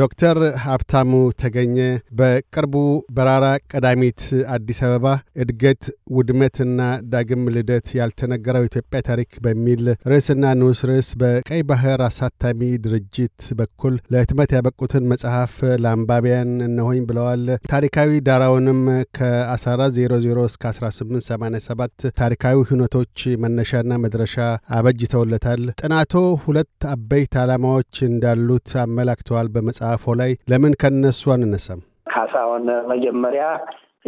ዶክተር ሀብታሙ ተገኘ በቅርቡ በራራ ቀዳሚት አዲስ አበባ እድገት ውድመትና ዳግም ልደት ያልተነገረው ኢትዮጵያ ታሪክ በሚል ርዕስና ንዑስ ርዕስ በቀይ ባህር አሳታሚ ድርጅት በኩል ለህትመት ያበቁትን መጽሐፍ ለአንባቢያን እነሆኝ ብለዋል። ታሪካዊ ዳራውንም ከ1400 እስከ 1887 ታሪካዊ ሁነቶች መነሻና መድረሻ አበጅተውለታል። ጥናቶ ሁለት አበይት ዓላማዎች እንዳሉት አመላክተዋል። መጽሐፎ ላይ ለምን ከነሱ አንነሳም? ካሳሁን መጀመሪያ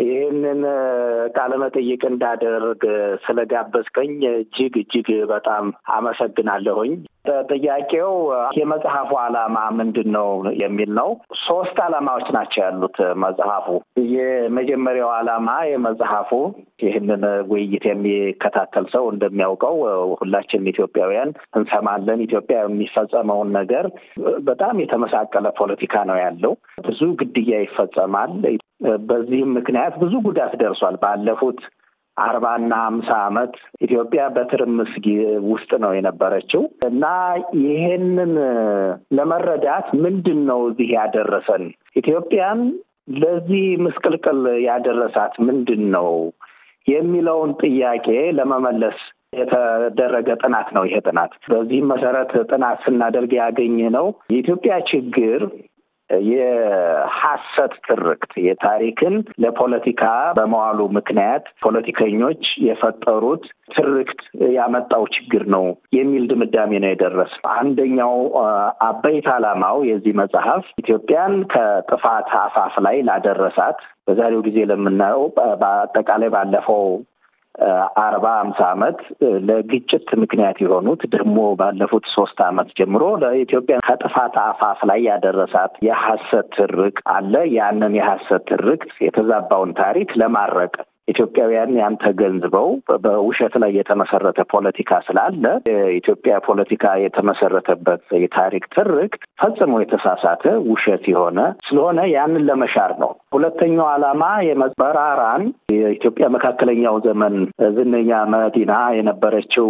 ይህንን ቃለ መጠይቅ እንዳደርግ ስለጋበዝከኝ እጅግ እጅግ በጣም አመሰግናለሁኝ። ጥያቄው የመጽሐፉ ዓላማ ምንድን ነው የሚል ነው። ሶስት ዓላማዎች ናቸው ያሉት መጽሐፉ። የመጀመሪያው ዓላማ የመጽሐፉ ይህንን ውይይት የሚከታተል ሰው እንደሚያውቀው ሁላችንም ኢትዮጵያውያን እንሰማለን። ኢትዮጵያ የሚፈጸመውን ነገር በጣም የተመሳቀለ ፖለቲካ ነው ያለው። ብዙ ግድያ ይፈጸማል። በዚህም ምክንያት ብዙ ጉዳት ደርሷል ባለፉት አርባና አምሳ ዓመት ኢትዮጵያ በትርምስ ውስጥ ነው የነበረችው እና ይሄንን ለመረዳት ምንድን ነው እዚህ ያደረሰን? ኢትዮጵያን ለዚህ ምስቅልቅል ያደረሳት ምንድን ነው የሚለውን ጥያቄ ለመመለስ የተደረገ ጥናት ነው። ይሄ ጥናት በዚህም መሰረት ጥናት ስናደርግ ያገኘ ነው የኢትዮጵያ ችግር የሐሰት ትርክት የታሪክን ለፖለቲካ በመዋሉ ምክንያት ፖለቲከኞች የፈጠሩት ትርክት ያመጣው ችግር ነው የሚል ድምዳሜ ነው የደረስ። አንደኛው አበይት ዓላማው የዚህ መጽሐፍ ኢትዮጵያን ከጥፋት አፋፍ ላይ ላደረሳት በዛሬው ጊዜ ለምናየው በአጠቃላይ ባለፈው አርባ አምሳ ዓመት ለግጭት ምክንያት የሆኑት ደግሞ ባለፉት ሶስት አመት ጀምሮ ለኢትዮጵያ ከጥፋት አፋፍ ላይ ያደረሳት የሐሰት ትርክ አለ። ያንን የሐሰት ትርክ የተዛባውን ታሪክ ለማረቅ ኢትዮጵያውያን ያን ተገንዝበው በውሸት ላይ የተመሰረተ ፖለቲካ ስላለ የኢትዮጵያ ፖለቲካ የተመሰረተበት የታሪክ ትርክት ፈጽሞ የተሳሳተ ውሸት የሆነ ስለሆነ ያንን ለመሻር ነው። ሁለተኛው ዓላማ የመበራራን የኢትዮጵያ መካከለኛው ዘመን ዝነኛ መዲና የነበረችው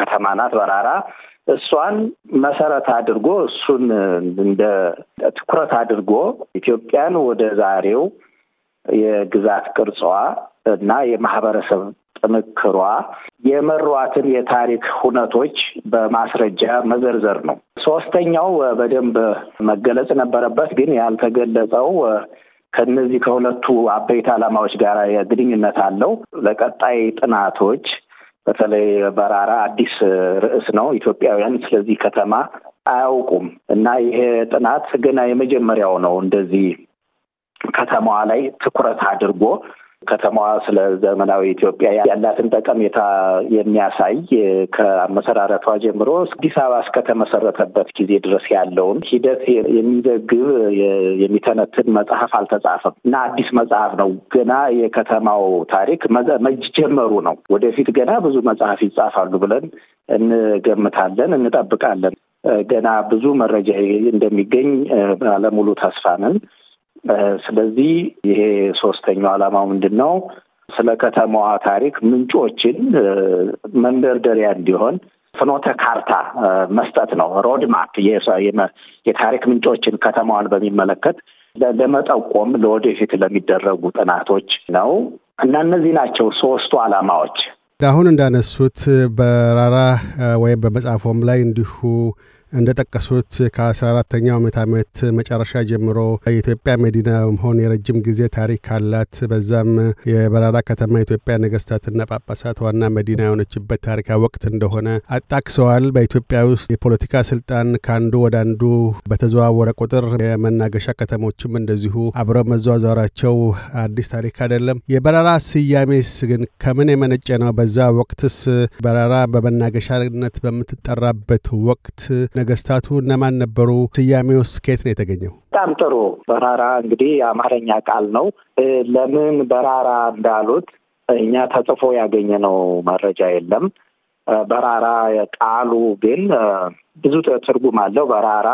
ከተማ ናት በራራ። እሷን መሰረት አድርጎ እሱን እንደ ትኩረት አድርጎ ኢትዮጵያን ወደ ዛሬው የግዛት ቅርጿ እና የማህበረሰብ ጥንክሯ የመሯትን የታሪክ ሁነቶች በማስረጃ መዘርዘር ነው። ሶስተኛው በደንብ መገለጽ ነበረበት፣ ግን ያልተገለጸው ከነዚህ ከሁለቱ አበይት ዓላማዎች ጋር ግንኙነት አለው። ለቀጣይ ጥናቶች በተለይ በራራ አዲስ ርዕስ ነው። ኢትዮጵያውያን ስለዚህ ከተማ አያውቁም እና ይሄ ጥናት ገና የመጀመሪያው ነው። እንደዚህ ከተማዋ ላይ ትኩረት አድርጎ ከተማዋ ስለ ዘመናዊ ኢትዮጵያ ያላትን ጠቀሜታ የሚያሳይ ከመሰራረቷ ጀምሮ አዲስ አበባ እስከተመሰረተበት ጊዜ ድረስ ያለውን ሂደት የሚዘግብ የሚተነትን መጽሐፍ አልተጻፈም እና አዲስ መጽሐፍ ነው። ገና የከተማው ታሪክ መጀመሩ ነው። ወደፊት ገና ብዙ መጽሐፍ ይጻፋሉ ብለን እንገምታለን፣ እንጠብቃለን። ገና ብዙ መረጃ እንደሚገኝ ባለሙሉ ተስፋ ነን። ስለዚህ ይሄ ሶስተኛው ዓላማው ምንድን ነው? ስለ ከተማዋ ታሪክ ምንጮችን መንደርደሪያ እንዲሆን ፍኖተ ካርታ መስጠት ነው። ሮድማፕ የታሪክ ምንጮችን ከተማዋን በሚመለከት ለመጠቆም ለወደፊት ለሚደረጉ ጥናቶች ነው እና እነዚህ ናቸው ሶስቱ ዓላማዎች። አሁን እንዳነሱት በራራ ወይም በመጽሐፎም ላይ እንዲሁ እንደጠቀሱት ከ14ተኛው ምዕተ ዓመት መጨረሻ ጀምሮ የኢትዮጵያ መዲና መሆን የረጅም ጊዜ ታሪክ አላት። በዛም የበራራ ከተማ የኢትዮጵያ ነገስታትና ጳጳሳት ዋና መዲና የሆነችበት ታሪካዊ ወቅት እንደሆነ አጣቅሰዋል። በኢትዮጵያ ውስጥ የፖለቲካ ስልጣን ከአንዱ ወደ አንዱ በተዘዋወረ ቁጥር የመናገሻ ከተሞችም እንደዚሁ አብረው መዘዋወራቸው አዲስ ታሪክ አይደለም። የበራራ ስያሜስ ግን ከምን የመነጨ ነው? በዛ ወቅትስ በራራ በመናገሻነት በምትጠራበት ወቅት ነገስታቱ እነማን ነበሩ? ስያሜውስ ከየት ነው የተገኘው? በጣም ጥሩ። በራራ እንግዲህ የአማርኛ ቃል ነው። ለምን በራራ እንዳሉት እኛ ተጽፎ ያገኘነው መረጃ የለም። በራራ ቃሉ ግን ብዙ ትርጉም አለው። በራራ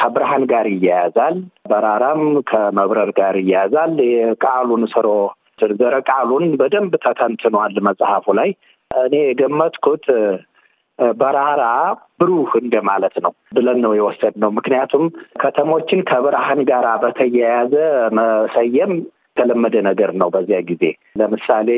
ከብርሃን ጋር ይያያዛል። በራራም ከመብረር ጋር ይያያዛል። የቃሉን ስሮ ዝርዝረ ቃሉን በደንብ ተተንትኗል መጽሐፉ ላይ። እኔ የገመትኩት በራራ ብሩህ እንደማለት ነው ብለን ነው የወሰድነው። ምክንያቱም ከተሞችን ከብርሃን ጋር በተያያዘ መሰየም የተለመደ ነገር ነው። በዚያ ጊዜ ለምሳሌ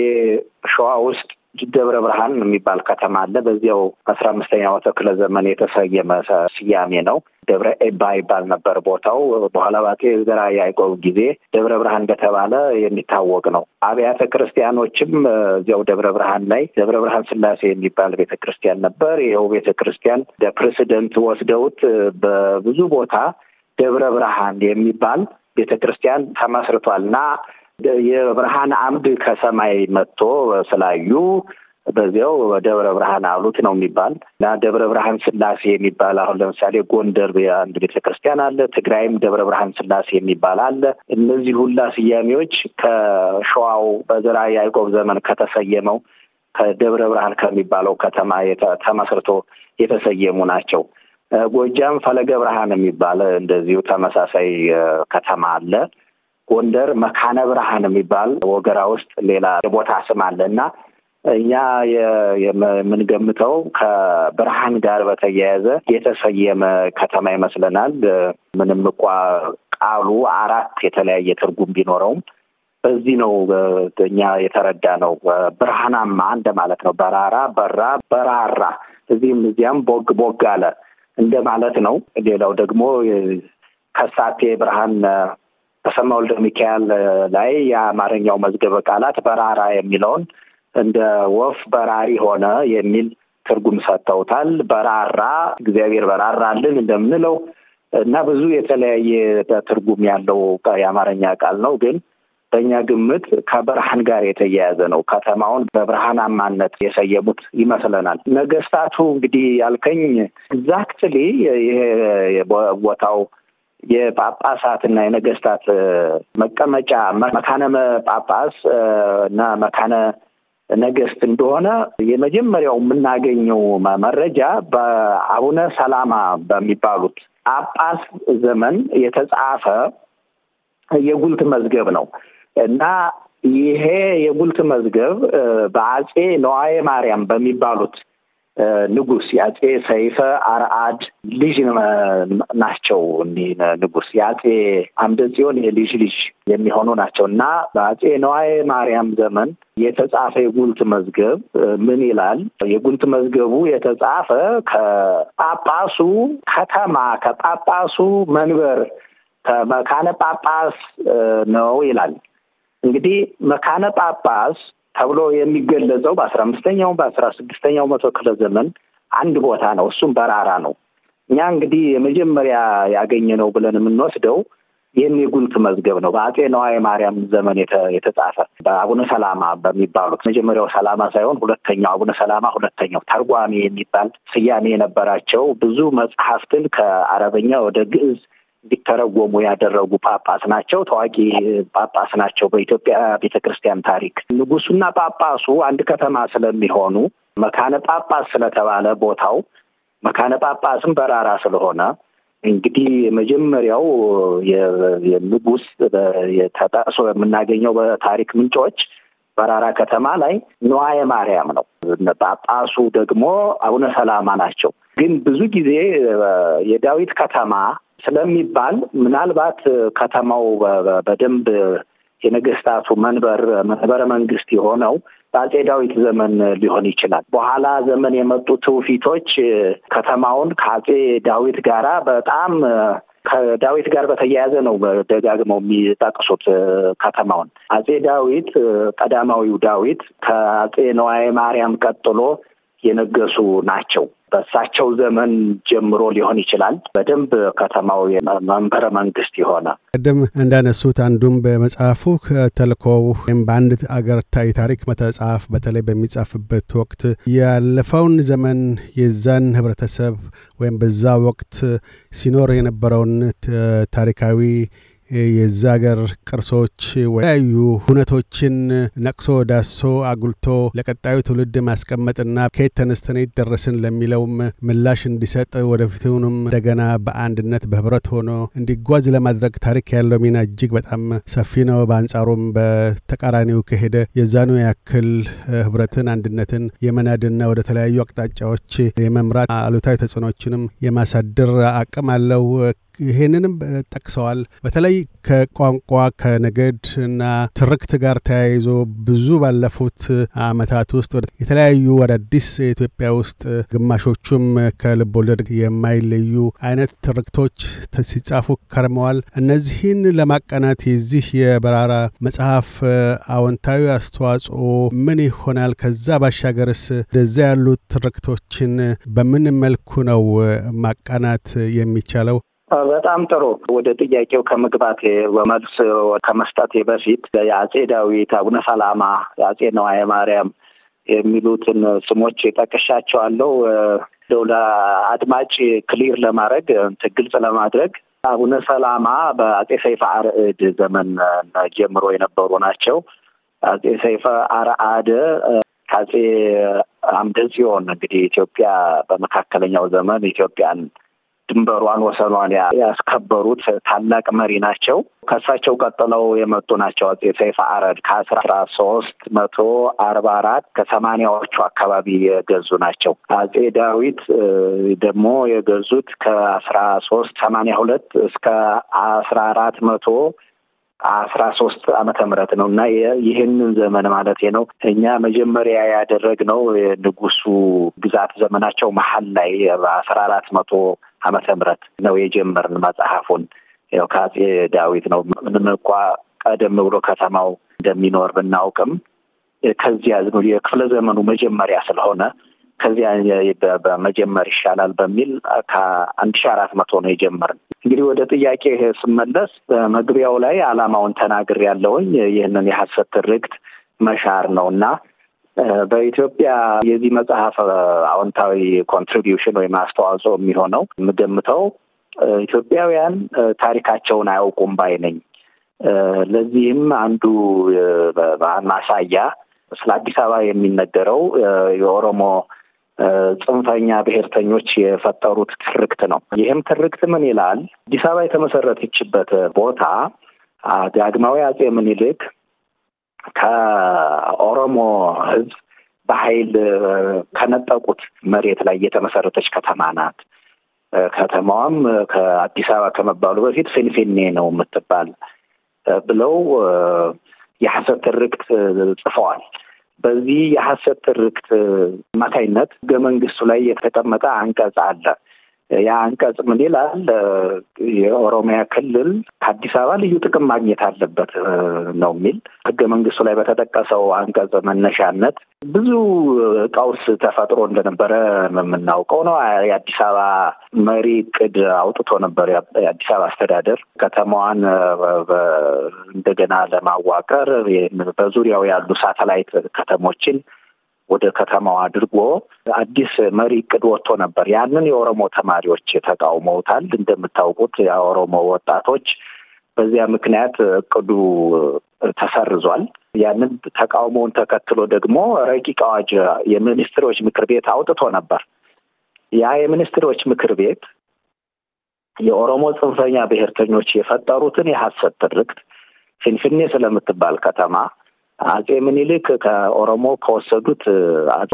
ሸዋ ውስጥ ደብረ ብርሃን የሚባል ከተማ አለ። በዚያው አስራ አምስተኛው ክፍለ ዘመን የተሰየመ ስያሜ ነው። ደብረ ኤባ ይባል ነበር ቦታው። በኋላ ባጤ ዘራ ያዕቆብ ጊዜ ደብረ ብርሃን እንደተባለ የሚታወቅ ነው። አብያተ ክርስቲያኖችም እዚያው ደብረ ብርሃን ላይ ደብረ ብርሃን ስላሴ የሚባል ቤተ ክርስቲያን ነበር። ይኸው ቤተ ክርስቲያን ፕሬሲደንት ወስደውት በብዙ ቦታ ደብረ ብርሃን የሚባል ቤተ ክርስቲያን ተመስርቷል እና የብርሃን አምድ ከሰማይ መጥቶ ስላዩ በዚያው ደብረ ብርሃን አሉት ነው የሚባል እና ደብረ ብርሃን ስላሴ የሚባል አሁን ለምሳሌ ጎንደር አንድ ቤተክርስቲያን አለ። ትግራይም ደብረ ብርሃን ስላሴ የሚባል አለ። እነዚህ ሁላ ስያሜዎች ከሸዋው በዘራ ያዕቆብ ዘመን ከተሰየመው ከደብረ ብርሃን ከሚባለው ከተማ ተመስርቶ የተሰየሙ ናቸው። ጎጃም ፈለገ ብርሃን የሚባል እንደዚሁ ተመሳሳይ ከተማ አለ። ጎንደር መካነ ብርሃን የሚባል ወገራ ውስጥ ሌላ የቦታ ስም አለ እና እኛ የምንገምተው ከብርሃን ጋር በተያያዘ የተሰየመ ከተማ ይመስለናል። ምንም እንኳ ቃሉ አራት የተለያየ ትርጉም ቢኖረውም በዚህ ነው እኛ የተረዳ ነው። ብርሃናማ እንደማለት ነው። በራራ፣ በራ፣ በራራ እዚህም እዚያም ቦግ ቦግ አለ እንደማለት ነው። ሌላው ደግሞ ከሳቴ ብርሃን ተሰማ ወልደ ሚካኤል ላይ የአማርኛው መዝገበ ቃላት በራራ የሚለውን እንደ ወፍ በራሪ ሆነ የሚል ትርጉም ሰጥተውታል። በራራ እግዚአብሔር በራራልን እንደምንለው እና ብዙ የተለያየ ትርጉም ያለው የአማርኛ ቃል ነው። ግን በእኛ ግምት ከብርሃን ጋር የተያያዘ ነው። ከተማውን በብርሃናማነት የሰየሙት ይመስለናል። ነገስታቱ እንግዲህ ያልከኝ ኤግዛክትሊ ይሄ ቦታው የጳጳሳት እና የነገስታት መቀመጫ መካነ ጳጳስ እና መካነ ነገስት እንደሆነ የመጀመሪያው የምናገኘው መረጃ በአቡነ ሰላማ በሚባሉት ጳጳስ ዘመን የተጻፈ የጉልት መዝገብ ነው እና ይሄ የጉልት መዝገብ በአጼ ነዋዬ ማርያም በሚባሉት ንጉስ የአጼ ሰይፈ አርአድ ልጅ ናቸው። እኒህ ንጉስ የአጼ አምደ ጽዮን የልጅ ልጅ የሚሆኑ ናቸው እና በአጼ ነዋየ ማርያም ዘመን የተጻፈ የጉልት መዝገብ ምን ይላል? የጉልት መዝገቡ የተጻፈ ከጳጳሱ ከተማ ከጳጳሱ መንበር ከመካነ ጳጳስ ነው ይላል። እንግዲህ መካነ ጳጳስ ተብሎ የሚገለጸው በአስራ አምስተኛው በአስራ ስድስተኛው መቶ ክፍለ ዘመን አንድ ቦታ ነው። እሱም በራራ ነው። እኛ እንግዲህ የመጀመሪያ ያገኘ ነው ብለን የምንወስደው ይህን የጉልት መዝገብ ነው። በአጼ ነዋይ ማርያም ዘመን የተጻፈ በአቡነ ሰላማ በሚባሉት መጀመሪያው ሰላማ ሳይሆን ሁለተኛው አቡነ ሰላማ ሁለተኛው ተርጓሚ የሚባል ስያሜ የነበራቸው ብዙ መጽሐፍትን ከአረበኛ ወደ ግዕዝ እንዲተረጎሙ ያደረጉ ጳጳስ ናቸው። ታዋቂ ጳጳስ ናቸው። በኢትዮጵያ ቤተክርስቲያን ታሪክ ንጉሱና ጳጳሱ አንድ ከተማ ስለሚሆኑ መካነ ጳጳስ ስለተባለ ቦታው መካነ ጳጳስም በራራ ስለሆነ እንግዲህ መጀመሪያው የንጉስ ተጠቅሶ የምናገኘው በታሪክ ምንጮች በራራ ከተማ ላይ ንዋየ ማርያም ነው። ጳጳሱ ደግሞ አቡነ ሰላማ ናቸው። ግን ብዙ ጊዜ የዳዊት ከተማ ስለሚባል ምናልባት ከተማው በደንብ የነገስታቱ መንበር መንበረ መንግስት የሆነው በአጼ ዳዊት ዘመን ሊሆን ይችላል። በኋላ ዘመን የመጡ ትውፊቶች ከተማውን ከአጼ ዳዊት ጋራ በጣም ከዳዊት ጋር በተያያዘ ነው ደጋግመው የሚጠቅሱት ከተማውን። አጼ ዳዊት ቀዳማዊው ዳዊት ከአጼ ነዋይ ማርያም ቀጥሎ የነገሱ ናቸው። በእሳቸው ዘመን ጀምሮ ሊሆን ይችላል። በደንብ ከተማው መንበረ መንግስት የሆነ ቅድም እንዳነሱት አንዱም በመጽሐፉ ተልኮው ወይም በአንድ አገር ታሪክ መተጻፍ በተለይ በሚጻፍበት ወቅት ያለፈውን ዘመን የዛን ህብረተሰብ ወይም በዛ ወቅት ሲኖር የነበረውን ታሪካዊ የዚ ሀገር ቅርሶች ወተለያዩ ሁነቶችን ነቅሶ ዳሶ አጉልቶ ለቀጣዩ ትውልድ ማስቀመጥና ከየት ተነስተን ይደረስን ለሚለውም ምላሽ እንዲሰጥ ወደፊቱንም እንደገና በአንድነት በህብረት ሆኖ እንዲጓዝ ለማድረግ ታሪክ ያለው ሚና እጅግ በጣም ሰፊ ነው። በአንጻሩም በተቃራኒው ከሄደ የዛኑ ያክል ህብረትን፣ አንድነትን የመናድና ወደ ተለያዩ አቅጣጫዎች የመምራት አሉታዊ ተጽዕኖችንም የማሳደር አቅም አለው። ይሄንንም ጠቅሰዋል። በተለይ ከቋንቋ ከነገድ እና ትርክት ጋር ተያይዞ ብዙ ባለፉት አመታት ውስጥ የተለያዩ አዳዲስ ኢትዮጵያ ውስጥ ግማሾቹም ከልብ ወለድ የማይለዩ አይነት ትርክቶች ሲጻፉ ከርመዋል። እነዚህን ለማቃናት የዚህ የበራራ መጽሐፍ አዎንታዊ አስተዋጽኦ ምን ይሆናል? ከዛ ባሻገርስ እንደዛ ያሉ ትርክቶችን በምን መልኩ ነው ማቃናት የሚቻለው? በጣም ጥሩ። ወደ ጥያቄው ከመግባት በመልስ ከመስጠት በፊት የአጼ ዳዊት፣ አቡነ ሰላማ፣ የአጼ ነዋየ ማርያም የሚሉትን ስሞች ጠቅሻቸዋለሁ። እንደው ለአድማጭ ክሊር ለማድረግ ግልጽ ለማድረግ አቡነ ሰላማ በአጼ ሰይፈ አርዕድ ዘመን ጀምሮ የነበሩ ናቸው። አጼ ሰይፈ አርአደ ከአጼ አምደ ጽዮን እንግዲህ ኢትዮጵያ በመካከለኛው ዘመን ኢትዮጵያን ድንበሯን ወሰኗን ያስከበሩት ታላቅ መሪ ናቸው። ከእሳቸው ቀጥለው የመጡ ናቸው አጼ ሰይፈ አረድ ከአስራ ሶስት መቶ አርባ አራት ከሰማኒያዎቹ አካባቢ የገዙ ናቸው። አጼ ዳዊት ደግሞ የገዙት ከአስራ ሶስት ሰማኒያ ሁለት እስከ አስራ አራት መቶ አስራ ሶስት አመተ ምህረት ነው እና ይህንን ዘመን ማለት ነው እኛ መጀመሪያ ያደረግነው የንጉሱ ግዛት ዘመናቸው መሀል ላይ በአስራ አራት መቶ ዓመተ ምህረት ነው የጀመርን መጽሐፉን። ያው ከአጼ ዳዊት ነው። ምንም እንኳ ቀደም ብሎ ከተማው እንደሚኖር ብናውቅም ከዚያ የክፍለ ዘመኑ መጀመሪያ ስለሆነ ከዚያ በመጀመር ይሻላል በሚል ከአንድ ሺ አራት መቶ ነው የጀመርን። እንግዲህ ወደ ጥያቄ ስመለስ በመግቢያው ላይ ዓላማውን ያለውኝ ይህንን የሐሰት ትርክት መሻር ነው እና በኢትዮጵያ የዚህ መጽሐፍ አዎንታዊ ኮንትሪቢዩሽን ወይም አስተዋጽኦ የሚሆነው የምገምተው ኢትዮጵያውያን ታሪካቸውን አያውቁም ባይ ነኝ። ለዚህም አንዱ ማሳያ ስለ አዲስ አበባ የሚነገረው የኦሮሞ ጽንፈኛ ብሔርተኞች የፈጠሩት ትርክት ነው። ይህም ትርክት ምን ይላል? አዲስ አበባ የተመሰረተችበት ቦታ ዳግማዊ አጼ ምኒልክ ከኦሮሞ ህዝብ በኃይል ከነጠቁት መሬት ላይ የተመሰረተች ከተማ ናት። ከተማዋም ከአዲስ አበባ ከመባሉ በፊት ፊንፊኔ ነው የምትባል ብለው የሐሰት ትርክት ጽፈዋል። በዚህ የሐሰት ትርክት አማካይነት ህገ መንግስቱ ላይ የተቀመጠ አንቀጽ አለ። ያ አንቀጽ ምን ይላል? የኦሮሚያ ክልል ከአዲስ አበባ ልዩ ጥቅም ማግኘት አለበት ነው የሚል ህገ መንግስቱ ላይ በተጠቀሰው አንቀጽ መነሻነት ብዙ ቀውስ ተፈጥሮ እንደነበረ የምናውቀው ነው። የአዲስ አበባ መሪ እቅድ አውጥቶ ነበር። የአዲስ አበባ አስተዳደር ከተማዋን እንደገና ለማዋቀር በዙሪያው ያሉ ሳተላይት ከተሞችን ወደ ከተማው አድርጎ አዲስ መሪ እቅድ ወጥቶ ነበር። ያንን የኦሮሞ ተማሪዎች ተቃውመውታል። እንደምታውቁት የኦሮሞ ወጣቶች በዚያ ምክንያት እቅዱ ተሰርዟል። ያንን ተቃውሞውን ተከትሎ ደግሞ ረቂቅ አዋጅ የሚኒስትሮች ምክር ቤት አውጥቶ ነበር። ያ የሚኒስትሮች ምክር ቤት የኦሮሞ ጽንፈኛ ብሔርተኞች የፈጠሩትን የሐሰት ትርክት ፊንፊኔ ስለምትባል ከተማ አጼ ምኒልክ ከኦሮሞ ከወሰዱት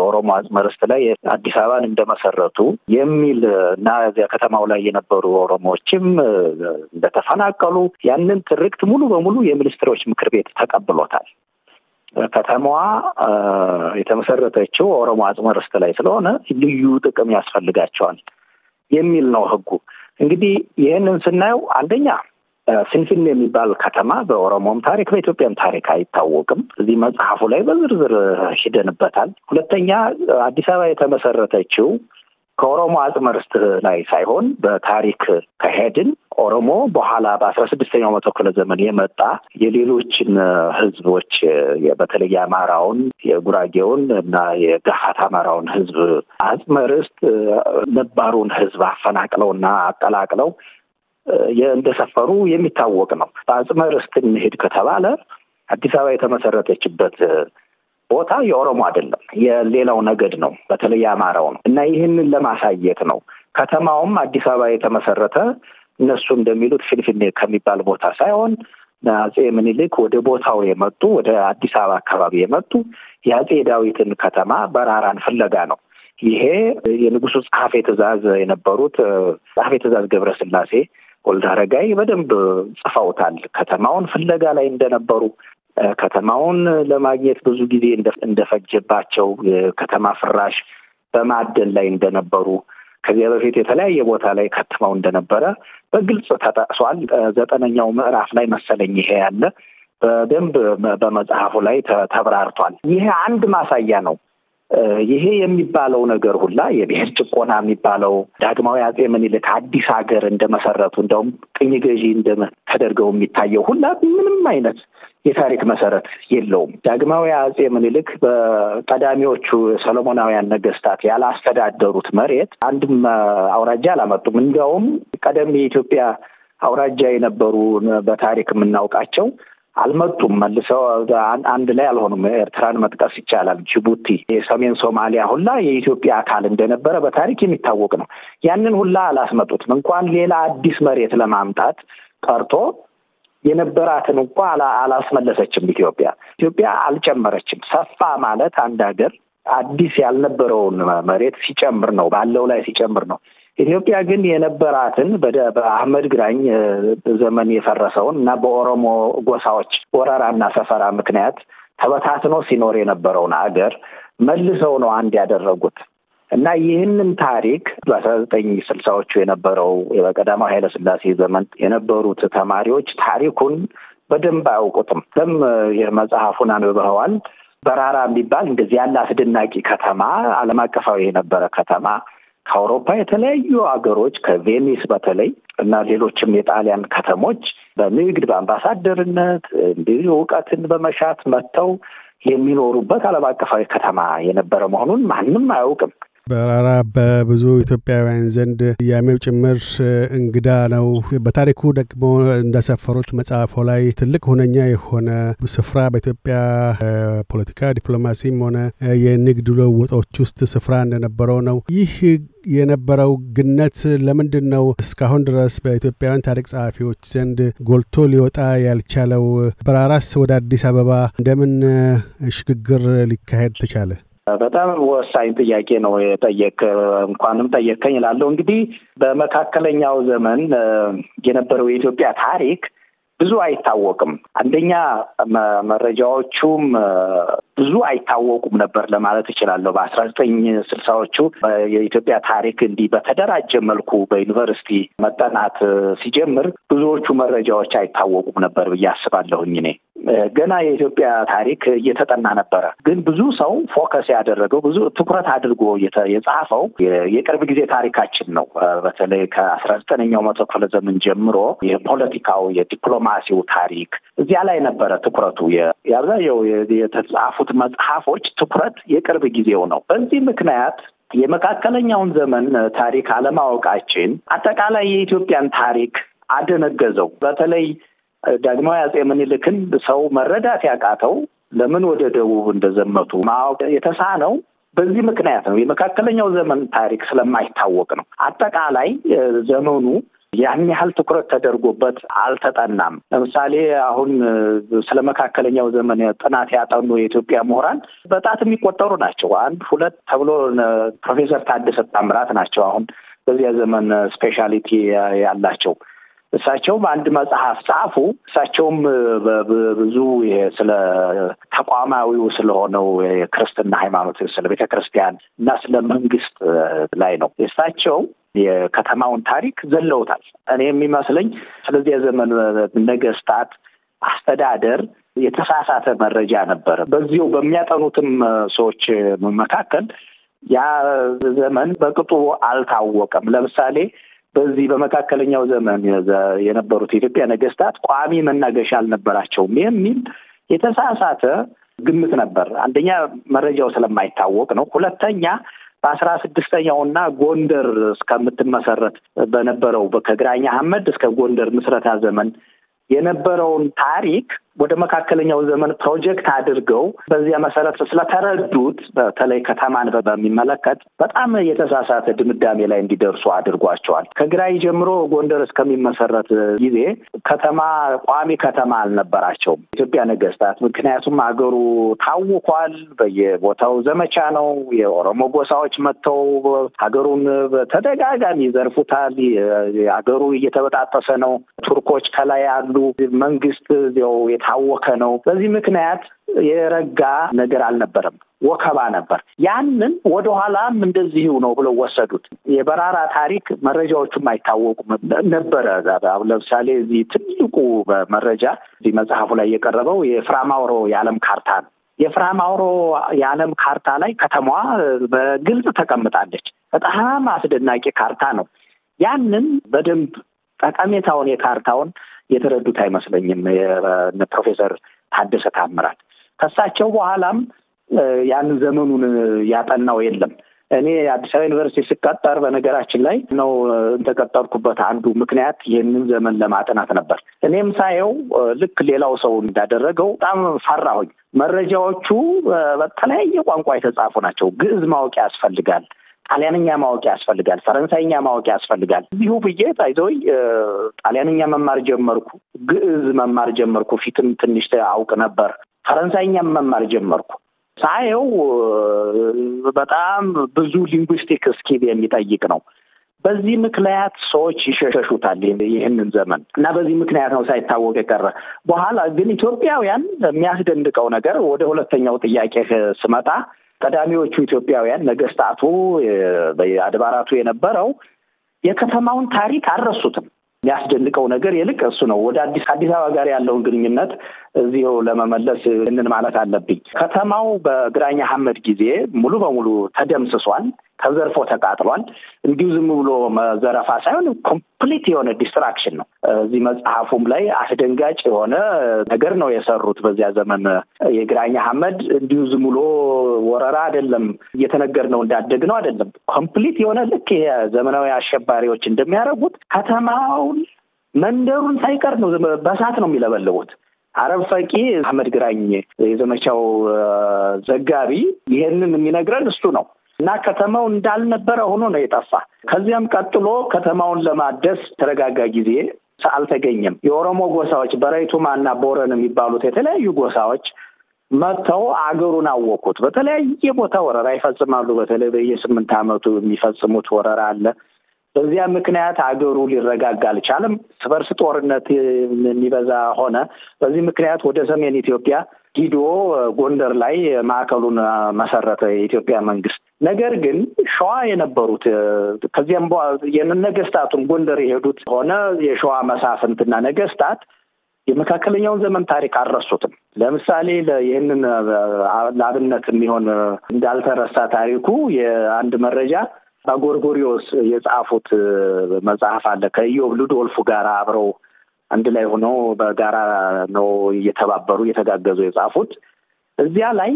ኦሮሞ አዝመርስት ላይ አዲስ አበባን እንደመሰረቱ የሚል እና እዚያ ከተማው ላይ የነበሩ ኦሮሞዎችም እንደተፈናቀሉ ያንን ትርክት ሙሉ በሙሉ የሚኒስትሮች ምክር ቤት ተቀብሎታል። ከተማዋ የተመሰረተችው ኦሮሞ አዝመርስት ላይ ስለሆነ ልዩ ጥቅም ያስፈልጋቸዋል የሚል ነው ህጉ እንግዲህ ይህንን ስናየው አንደኛ ስንፍኔ የሚባል ከተማ በኦሮሞም ታሪክ በኢትዮጵያም ታሪክ አይታወቅም። እዚህ መጽሐፉ ላይ በዝርዝር ሂደንበታል። ሁለተኛ አዲስ አበባ የተመሰረተችው ከኦሮሞ አጽመ ርስት ላይ ሳይሆን በታሪክ ከሄድን ኦሮሞ በኋላ በአስራ ስድስተኛው መቶ ክፍለ ዘመን የመጣ የሌሎችን ህዝቦች በተለይ የአማራውን፣ የጉራጌውን እና የገሀት አማራውን ህዝብ አጽመ ርስት ነባሩን ህዝብ አፈናቅለው እና አቀላቅለው እንደሰፈሩ የሚታወቅ ነው። በአጽመ ርስት ከተባለ አዲስ አበባ የተመሰረተችበት ቦታ የኦሮሞ አይደለም፣ የሌላው ነገድ ነው። በተለይ የአማራው ነው እና ይህንን ለማሳየት ነው። ከተማውም አዲስ አበባ የተመሰረተ እነሱ እንደሚሉት ፊንፊኔ ከሚባል ቦታ ሳይሆን አጼ ምኒልክ ወደ ቦታው የመጡ ወደ አዲስ አበባ አካባቢ የመጡ የአጼ ዳዊትን ከተማ በራራን ፍለጋ ነው። ይሄ የንጉሱ ጸሐፌ ትእዛዝ የነበሩት ጸሐፌ ትእዛዝ ገብረስላሴ። ወልደ አረጋይ በደንብ ጽፈውታል። ከተማውን ፍለጋ ላይ እንደነበሩ ከተማውን ለማግኘት ብዙ ጊዜ እንደፈጀባቸው ከተማ ፍራሽ በማደን ላይ እንደነበሩ ከዚያ በፊት የተለያየ ቦታ ላይ ከትመው እንደነበረ በግልጽ ተጠቅሷል። ዘጠነኛው ምዕራፍ ላይ መሰለኝ ይሄ ያለ በደንብ በመጽሐፉ ላይ ተብራርቷል። ይሄ አንድ ማሳያ ነው። ይሄ የሚባለው ነገር ሁላ የብሔር ጭቆና የሚባለው ዳግማዊ አጼ ምኒልክ አዲስ ሀገር እንደመሰረቱ እንደውም ቅኝ ገዢ እንደተደርገው የሚታየው ሁላ ምንም አይነት የታሪክ መሰረት የለውም። ዳግማዊ አጼ ምኒልክ በቀዳሚዎቹ ሰለሞናውያን ነገስታት ያላስተዳደሩት መሬት አንድም አውራጃ አላመጡም። እንዲያውም ቀደም የኢትዮጵያ አውራጃ የነበሩ በታሪክ የምናውቃቸው አልመጡም። መልሰው አንድ ላይ አልሆኑም። ኤርትራን መጥቀስ ይቻላል። ጅቡቲ፣ የሰሜን ሶማሊያ ሁላ የኢትዮጵያ አካል እንደነበረ በታሪክ የሚታወቅ ነው። ያንን ሁላ አላስመጡትም። እንኳን ሌላ አዲስ መሬት ለማምጣት ቀርቶ የነበራትን እንኳ አላስመለሰችም። ኢትዮጵያ ኢትዮጵያ አልጨመረችም። ሰፋ ማለት አንድ ሀገር አዲስ ያልነበረውን መሬት ሲጨምር ነው፣ ባለው ላይ ሲጨምር ነው። ኢትዮጵያ ግን የነበራትን በአህመድ ግራኝ ዘመን የፈረሰውን እና በኦሮሞ ጎሳዎች ወረራና ሰፈራ ምክንያት ተበታትኖ ሲኖር የነበረውን አገር መልሰው ነው አንድ ያደረጉት እና ይህንን ታሪክ በአስራ ዘጠኝ ስልሳዎቹ የነበረው በቀዳማዊ ኃይለስላሴ ዘመን የነበሩት ተማሪዎች ታሪኩን በደንብ አያውቁትም። ደም የመጽሐፉን አንብበዋል። በራራ የሚባል እንደዚህ ያለ አስደናቂ ከተማ ዓለም አቀፋዊ የነበረ ከተማ ከአውሮፓ የተለያዩ አገሮች ከቬኒስ በተለይ እና ሌሎችም የጣሊያን ከተሞች በንግድ በአምባሳደርነት እንዲህ እውቀትን በመሻት መጥተው የሚኖሩበት ዓለም አቀፋዊ ከተማ የነበረ መሆኑን ማንም አያውቅም። በራራ በብዙ ኢትዮጵያውያን ዘንድ ያሜው ጭምር እንግዳ ነው። በታሪኩ ደግሞ እንደሰፈሩት መጽሐፎ ላይ ትልቅ ሁነኛ የሆነ ስፍራ በኢትዮጵያ ፖለቲካ ዲፕሎማሲም ሆነ የንግድ ለውጦች ውስጥ ስፍራ እንደነበረው ነው። ይህ የነበረው ግነት ለምንድን ነው እስካሁን ድረስ በኢትዮጵያውያን ታሪክ ጸሐፊዎች ዘንድ ጎልቶ ሊወጣ ያልቻለው? በራራስ ወደ አዲስ አበባ እንደምን ሽግግር ሊካሄድ ተቻለ? በጣም ወሳኝ ጥያቄ ነው የጠየቅ እንኳንም ጠየቀኝ እላለሁ። እንግዲህ በመካከለኛው ዘመን የነበረው የኢትዮጵያ ታሪክ ብዙ አይታወቅም። አንደኛ መረጃዎቹም ብዙ አይታወቁም ነበር ለማለት እችላለሁ። በአስራ ዘጠኝ ስልሳዎቹ የኢትዮጵያ ታሪክ እንዲህ በተደራጀ መልኩ በዩኒቨርሲቲ መጠናት ሲጀምር ብዙዎቹ መረጃዎች አይታወቁም ነበር ብዬ አስባለሁኝ እኔ ገና የኢትዮጵያ ታሪክ እየተጠና ነበረ። ግን ብዙ ሰው ፎከስ ያደረገው ብዙ ትኩረት አድርጎ የጻፈው የቅርብ ጊዜ ታሪካችን ነው። በተለይ ከአስራ ዘጠነኛው መቶ ክፍለ ዘመን ጀምሮ የፖለቲካው የዲፕሎማሲው ታሪክ እዚያ ላይ ነበረ ትኩረቱ። የአብዛኛው የተጻፉት መጽሐፎች ትኩረት የቅርብ ጊዜው ነው። በዚህ ምክንያት የመካከለኛውን ዘመን ታሪክ አለማወቃችን አጠቃላይ የኢትዮጵያን ታሪክ አደነገዘው። በተለይ ዳግማዊ አጼ ምኒልክን ሰው መረዳት ያቃተው ለምን ወደ ደቡብ እንደዘመቱ ማወቅ የተሳነው በዚህ ምክንያት ነው። የመካከለኛው ዘመን ታሪክ ስለማይታወቅ ነው። አጠቃላይ ዘመኑ ያን ያህል ትኩረት ተደርጎበት አልተጠናም። ለምሳሌ አሁን ስለ መካከለኛው ዘመን ጥናት ያጠኑ የኢትዮጵያ ምሁራን በጣት የሚቆጠሩ ናቸው። አንድ ሁለት ተብሎ ፕሮፌሰር ታደሰ ታምራት ናቸው አሁን በዚያ ዘመን ስፔሻሊቲ ያላቸው እሳቸውም አንድ መጽሐፍ ጻፉ። እሳቸውም ብዙ ስለ ተቋማዊው ስለሆነው የክርስትና ሃይማኖት ስለ ቤተ ክርስቲያን እና ስለ መንግስት ላይ ነው እሳቸው የከተማውን ታሪክ ዘለውታል። እኔ የሚመስለኝ ስለዚህ የዘመን ነገስታት አስተዳደር የተሳሳተ መረጃ ነበረ። በዚሁ በሚያጠኑትም ሰዎች መካከል ያ ዘመን በቅጡ አልታወቀም። ለምሳሌ በዚህ በመካከለኛው ዘመን የነበሩት የኢትዮጵያ ነገስታት ቋሚ መናገሻ አልነበራቸውም የሚል የተሳሳተ ግምት ነበር። አንደኛ መረጃው ስለማይታወቅ ነው። ሁለተኛ በአስራ ስድስተኛው እና ጎንደር እስከምትመሰረት በነበረው ከግራኛ አህመድ እስከ ጎንደር ምስረታ ዘመን የነበረውን ታሪክ ወደ መካከለኛው ዘመን ፕሮጀክት አድርገው በዚያ መሰረት ስለተረዱት በተለይ ከተማን በሚመለከት በጣም የተሳሳተ ድምዳሜ ላይ እንዲደርሱ አድርጓቸዋል። ከግራይ ጀምሮ ጎንደር እስከሚመሰረት ጊዜ ከተማ ቋሚ ከተማ አልነበራቸውም ኢትዮጵያ ነገስታት። ምክንያቱም አገሩ ታውኳል። በየቦታው ዘመቻ ነው። የኦሮሞ ጎሳዎች መጥተው ሀገሩን በተደጋጋሚ ይዘርፉታል። አገሩ እየተበጣጠሰ ነው። ቱርኮች ከላይ አሉ። መንግስት ያው የታወከ ነው። በዚህ ምክንያት የረጋ ነገር አልነበረም፣ ወከባ ነበር። ያንን ወደኋላም እንደዚሁ ነው ብለው ወሰዱት። የበራራ ታሪክ መረጃዎቹም አይታወቁም ነበረ። ለምሳሌ እዚህ ትልቁ መረጃ እዚህ መጽሐፉ ላይ የቀረበው የፍራማውሮ የዓለም ካርታ ነው። የፍራማውሮ የዓለም ካርታ ላይ ከተማዋ በግልጽ ተቀምጣለች። በጣም አስደናቂ ካርታ ነው። ያንን በደንብ ጠቀሜታውን የካርታውን የተረዱት አይመስለኝም። ፕሮፌሰር ታደሰ ታምራት ከሳቸው በኋላም ያን ዘመኑን ያጠናው የለም። እኔ አዲስ አበባ ዩኒቨርሲቲ ስቀጠር በነገራችን ላይ ነው የተቀጠርኩበት አንዱ ምክንያት ይህንን ዘመን ለማጥናት ነበር። እኔም ሳየው ልክ ሌላው ሰው እንዳደረገው በጣም ፈራሁኝ። መረጃዎቹ በተለያየ ቋንቋ የተጻፉ ናቸው። ግዕዝ ማወቅ ያስፈልጋል። ጣሊያንኛ ማወቅ ያስፈልጋል፣ ፈረንሳይኛ ማወቅ ያስፈልጋል። እዚሁ ብዬ ታይዘው ጣሊያንኛ መማር ጀመርኩ፣ ግዕዝ መማር ጀመርኩ። ፊትም ትንሽ አውቅ ነበር። ፈረንሳይኛ መማር ጀመርኩ። ሳየው በጣም ብዙ ሊንጉስቲክ ስኪል የሚጠይቅ ነው። በዚህ ምክንያት ሰዎች ይሸሸሹታል ይህንን ዘመን እና በዚህ ምክንያት ነው ሳይታወቅ የቀረ። በኋላ ግን ኢትዮጵያውያን የሚያስደንቀው ነገር ወደ ሁለተኛው ጥያቄ ስመጣ ቀዳሚዎቹ ኢትዮጵያውያን ነገስታቱ በአድባራቱ የነበረው የከተማውን ታሪክ አልረሱትም። የሚያስደንቀው ነገር የልቅ እሱ ነው። ወደ አዲስ አዲስ አበባ ጋር ያለውን ግንኙነት እዚሁ ለመመለስ ይህንን ማለት አለብኝ። ከተማው በግራኝ ሐመድ ጊዜ ሙሉ በሙሉ ተደምስሷል፣ ተዘርፎ ተቃጥሏል። እንዲሁ ዝም ብሎ መዘረፋ ሳይሆን ኮምፕሊት የሆነ ዲስትራክሽን ነው። እዚህ መጽሐፉም ላይ አስደንጋጭ የሆነ ነገር ነው የሰሩት። በዚያ ዘመን የግራኝ ሐመድ እንዲሁ ዝም ብሎ ወረራ አይደለም፣ እየተነገር ነው እንዳደግ ነው አይደለም። ኮምፕሊት የሆነ ልክ ዘመናዊ አሸባሪዎች እንደሚያደርጉት ከተማውን መንደሩን ሳይቀር ነው በእሳት ነው የሚለበልቡት። አረብ ፈቂ አህመድ ግራኝ የዘመቻው ዘጋቢ ይሄንን የሚነግረን እሱ ነው። እና ከተማው እንዳልነበረ ሆኖ ነው የጠፋ። ከዚያም ቀጥሎ ከተማውን ለማደስ ተረጋጋ ጊዜ አልተገኘም። የኦሮሞ ጎሳዎች እና ቦረን የሚባሉት የተለያዩ ጎሳዎች መጥተው አገሩን አወቁት። በተለያየ ቦታ ወረራ ይፈጽማሉ። በተለይ በየስምንት ዓመቱ የሚፈጽሙት ወረራ አለ። በዚያ ምክንያት ሀገሩ ሊረጋጋ አልቻለም። ስበርስ ጦርነት የሚበዛ ሆነ። በዚህ ምክንያት ወደ ሰሜን ኢትዮጵያ ሂዶ ጎንደር ላይ ማዕከሉን መሰረተ የኢትዮጵያ መንግስት። ነገር ግን ሸዋ የነበሩት ከዚያም ነገስታቱም ጎንደር የሄዱት ሆነ የሸዋ መሳፍንትና ነገስታት የመካከለኛውን ዘመን ታሪክ አልረሱትም። ለምሳሌ ይህንን ለአብነት የሚሆን እንዳልተረሳ ታሪኩ የአንድ መረጃ በጎርጎሪዎስ የጻፉት መጽሐፍ አለ ከኢዮብ ሉዶልፍ ጋር አብረው አንድ ላይ ሆኖ በጋራ ነው እየተባበሩ እየተጋገዙ የጻፉት። እዚያ ላይ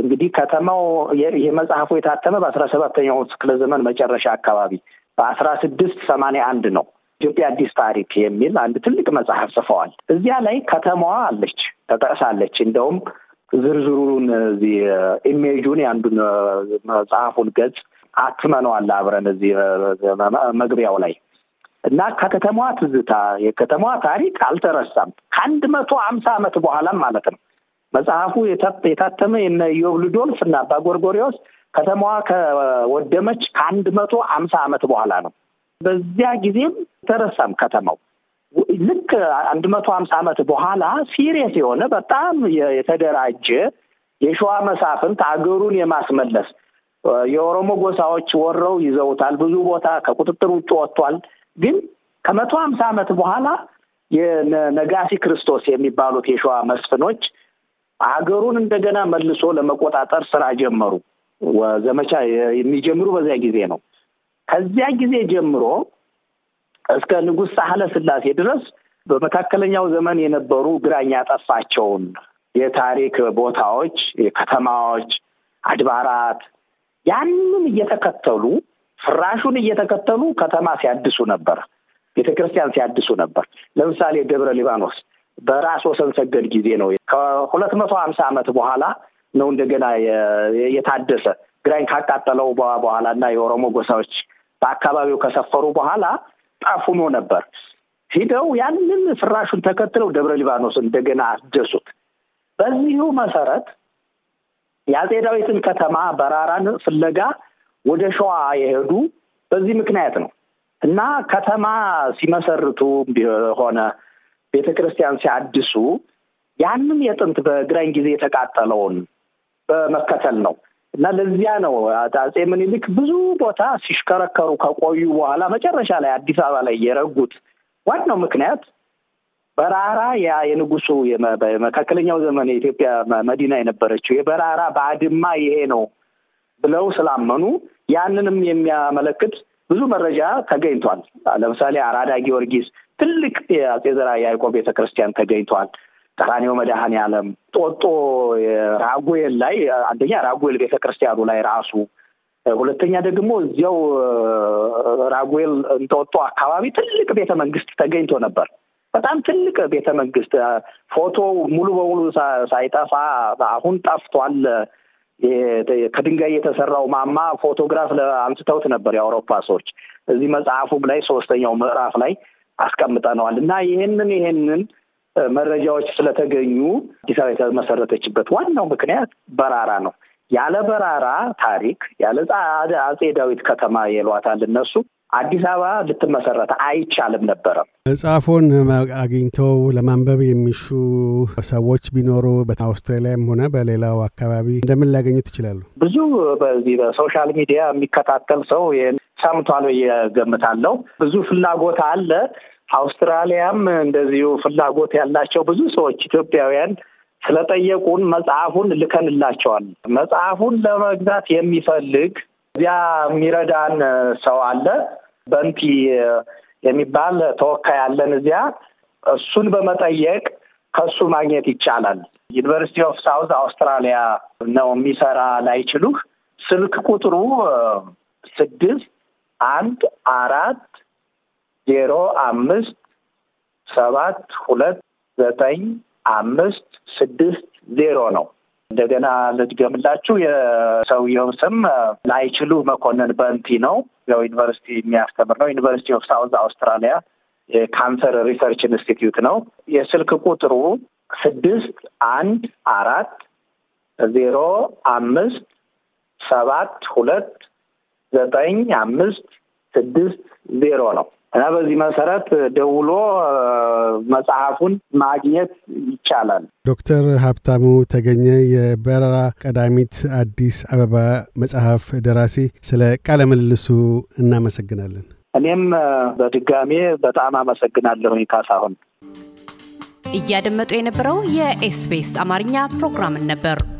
እንግዲህ ከተማው ይህ መጽሐፉ የታተመ በአስራ ሰባተኛው ክፍለ ዘመን መጨረሻ አካባቢ በአስራ ስድስት ሰማንያ አንድ ነው። ኢትዮጵያ አዲስ ታሪክ የሚል አንድ ትልቅ መጽሐፍ ጽፈዋል። እዚያ ላይ ከተማዋ አለች ተጠቅሳለች። እንደውም ዝርዝሩን እዚህ ኢሜጁን የአንዱን መጽሐፉን ገጽ አትመነዋል አብረን እዚህ መግቢያው ላይ እና ከከተማዋ ትዝታ የከተማዋ ታሪክ አልተረሳም። ከአንድ መቶ አምሳ ዓመት በኋላም ማለት ነው መጽሐፉ የታተመ የነ ኢዮብ ሉዶልፍ እና አባ ጎርጎሪዎስ ከተማዋ ከወደመች ከአንድ መቶ አምሳ ዓመት በኋላ ነው። በዚያ ጊዜም አልተረሳም ከተማው ልክ አንድ መቶ ሀምሳ ዓመት በኋላ ሲሪየስ የሆነ በጣም የተደራጀ የሸዋ መሳፍንት አገሩን የማስመለስ የኦሮሞ ጎሳዎች ወረው ይዘውታል። ብዙ ቦታ ከቁጥጥር ውጭ ወጥቷል። ግን ከመቶ ሀምሳ ዓመት በኋላ የነጋሲ ክርስቶስ የሚባሉት የሸዋ መስፍኖች ሀገሩን እንደገና መልሶ ለመቆጣጠር ስራ ጀመሩ። ዘመቻ የሚጀምሩ በዚያ ጊዜ ነው። ከዚያ ጊዜ ጀምሮ እስከ ንጉሥ ሳህለ ስላሴ ድረስ በመካከለኛው ዘመን የነበሩ ግራኝ ያጠፋቸውን የታሪክ ቦታዎች፣ የከተማዎች፣ አድባራት፣ ያንን እየተከተሉ ፍራሹን እየተከተሉ ከተማ ሲያድሱ ነበር፣ ቤተ ክርስቲያን ሲያድሱ ነበር። ለምሳሌ ደብረ ሊባኖስ በራስ ወሰን ሰገድ ጊዜ ነው። ከሁለት መቶ ሀምሳ ዓመት በኋላ ነው እንደገና የታደሰ ግራኝ ካቃጠለው በኋላ እና የኦሮሞ ጎሳዎች በአካባቢው ከሰፈሩ በኋላ ጠፉሞ ነበር። ሂደው ያንን ፍራሹን ተከትለው ደብረ ሊባኖስ እንደገና አደሱት። በዚሁ መሰረት የአጼ ዳዊትን ከተማ በራራን ፍለጋ ወደ ሸዋ የሄዱ በዚህ ምክንያት ነው እና ከተማ ሲመሰርቱ ሆነ ቤተ ክርስቲያን ሲያድሱ ያንን የጥንት በግራኝ ጊዜ የተቃጠለውን በመከተል ነው እና ለዚያ ነው አጼ ምኒልክ ብዙ ቦታ ሲሽከረከሩ ከቆዩ በኋላ መጨረሻ ላይ አዲስ አበባ ላይ የረጉት ዋናው ምክንያት በራራ ያ የንጉሱ መካከለኛው ዘመን የኢትዮጵያ መዲና የነበረችው የበራራ በአድማ ይሄ ነው ብለው ስላመኑ ያንንም የሚያመለክት ብዙ መረጃ ተገኝቷል። ለምሳሌ አራዳ ጊዮርጊስ ትልቅ የአጼ ዘርዓ ያዕቆብ ቤተክርስቲያን ተገኝቷል። ቀራኔው መድኃኔ ዓለም ጦጦ ራጉኤል ላይ አንደኛ ራጉኤል ቤተክርስቲያኑ ላይ ራሱ ሁለተኛ ደግሞ እዚያው ራጉኤል እንጦጦ አካባቢ ትልቅ ቤተ መንግስት ተገኝቶ ነበር። በጣም ትልቅ ቤተ መንግስት ፎቶ ሙሉ በሙሉ ሳይጠፋ አሁን ጠፍቷል። ከድንጋይ የተሰራው ማማ ፎቶግራፍ አንስተውት ነበር የአውሮፓ ሰዎች። እዚህ መጽሐፉ ላይ ሶስተኛው ምዕራፍ ላይ አስቀምጠነዋል እና ይህንን ይህንን መረጃዎች ስለተገኙ አዲስ አበባ የተመሰረተችበት ዋናው ምክንያት በራራ ነው። ያለ በራራ ታሪክ ያለ አጼ ዳዊት ከተማ የሏታል እነሱ አዲስ አበባ ልትመሰረት አይቻልም ነበረ። መጽሐፉን አግኝተው ለማንበብ የሚሹ ሰዎች ቢኖሩ በአውስትራሊያም ሆነ በሌላው አካባቢ እንደምን ሊያገኙት ይችላሉ? ብዙ በዚህ በሶሻል ሚዲያ የሚከታተል ሰው ሰምቷል ገምታለሁ ብዙ ፍላጎት አለ። አውስትራሊያም እንደዚሁ ፍላጎት ያላቸው ብዙ ሰዎች ኢትዮጵያውያን ስለጠየቁን መጽሐፉን ልከንላቸዋል። መጽሐፉን ለመግዛት የሚፈልግ እዚያ የሚረዳን ሰው አለ በንቲ የሚባል ተወካይ አለን እዚያ። እሱን በመጠየቅ ከሱ ማግኘት ይቻላል። ዩኒቨርሲቲ ኦፍ ሳውዝ አውስትራሊያ ነው የሚሰራ። ላይችሉህ ስልክ ቁጥሩ ስድስት አንድ አራት ዜሮ አምስት ሰባት ሁለት ዘጠኝ አምስት ስድስት ዜሮ ነው። እንደገና ልድገምላችሁ የሰውየው ስም ላይችሉ መኮንን በንቲ ነው። ያው ዩኒቨርሲቲ የሚያስተምር ነው። ዩኒቨርሲቲ ኦፍ ሳውዝ አውስትራሊያ የካንሰር ሪሰርች ኢንስቲትዩት ነው። የስልክ ቁጥሩ ስድስት አንድ አራት ዜሮ አምስት ሰባት ሁለት ዘጠኝ አምስት ስድስት ዜሮ ነው። እና በዚህ መሰረት ደውሎ መጽሐፉን ማግኘት ይቻላል። ዶክተር ሀብታሙ ተገኘ የበረራ ቀዳሚት አዲስ አበባ መጽሐፍ ደራሲ፣ ስለ ቃለ ምልልሱ እናመሰግናለን። እኔም በድጋሜ በጣም አመሰግናለሁ ካሳሁን። እያደመጡ የነበረው የኤስቢኤስ አማርኛ ፕሮግራምን ነበር።